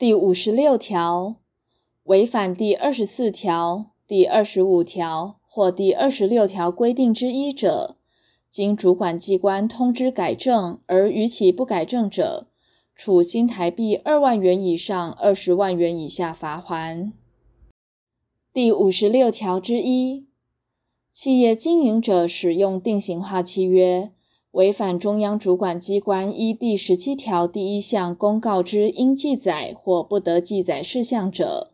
第五十六條，違反第二十四條、第二十五條或第二十六條規定之一者，經主管機關通知改正而逾期不改正者，處新台幣二萬元以上二十萬元以下罰鍰。第五十六條之一，企業經營者使用定型化契約。違反中央主管機關依第十七條第一項公告之應記載或不得記載事項者，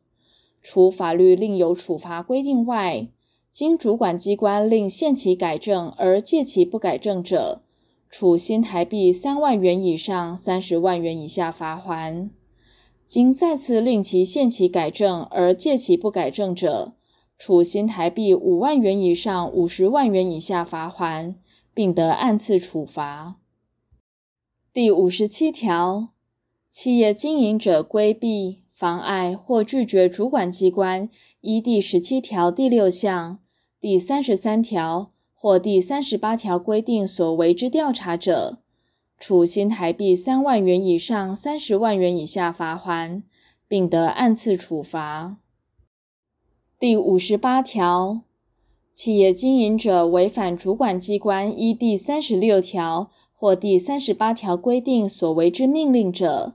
除法律另有處罰規定外，經主管機關令限期改正而屆期不改正者，處新台幣三萬元以上三十萬元以下罰鍰；經再次令其限期改正而屆期不改正者，處新台幣五萬元以上五十萬元以下罰鍰。並得按次處罰。第五十七條，企業經營者規避、妨礙或拒絕主管機關依第十七條第六項、第三十三條或第三十八條規定所為之調查者，處新台幣三萬元以上三十萬元以下罰鍰，並得按次處罰。第五十八條。企業經營者違反主管機關依第三十六條或第三十八條規定所為之命令者，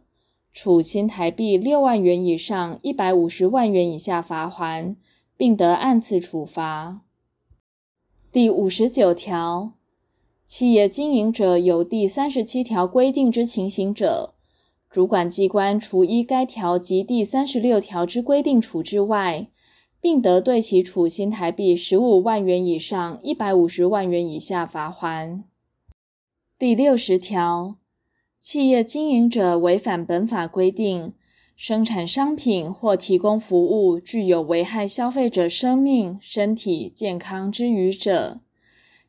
處新台幣六萬元以上一百五十萬元以下罰鍰，並得按次處罰。第五十九條，企業經營者有第三十七條規定之情形者，主管機關除依該條及第三十六條之規定處置外，並得對其處新台幣十五萬元以上一百五十萬元以下罰鍰。第六十條，企業經營者違反本法規定，生產商品或提供服務，具有危害消費者生命、身體、健康之虞者，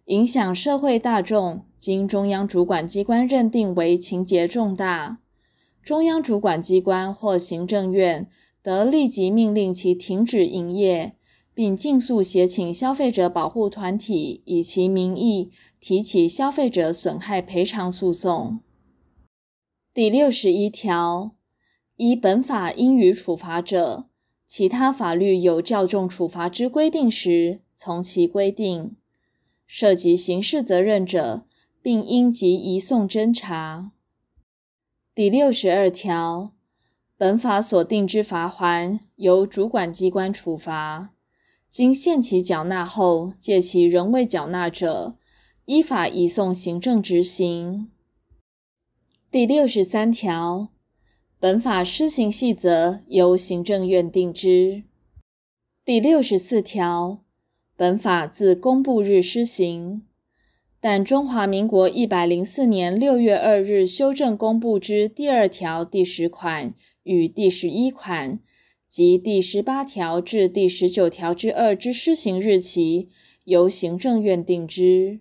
影響社會大眾，經中央主管機關認定為情節重大，中央主管機關或行政院。得立即命令其停止營業，並儘速協請消費者保護團體以其名義提起消費者損害賠償訴訟。第六十一條，依本法應予處罰者，其他法律有較重處罰之規定時，從其規定；涉及刑事責任者，並應即移送偵查。第六十二條。本法所定之罰鍰，由主管機關處罰，經限期繳納後，屆期仍未繳納者，依法移送行政執行。第六十三條，本法施行細則由行政院定之。第六十四條，本法自公布日施行，但中華民國一百零四年六月二日修正公布之第二條第十款，與第十一款及第十八條至第十九條之二之施行日期，由行政院定之。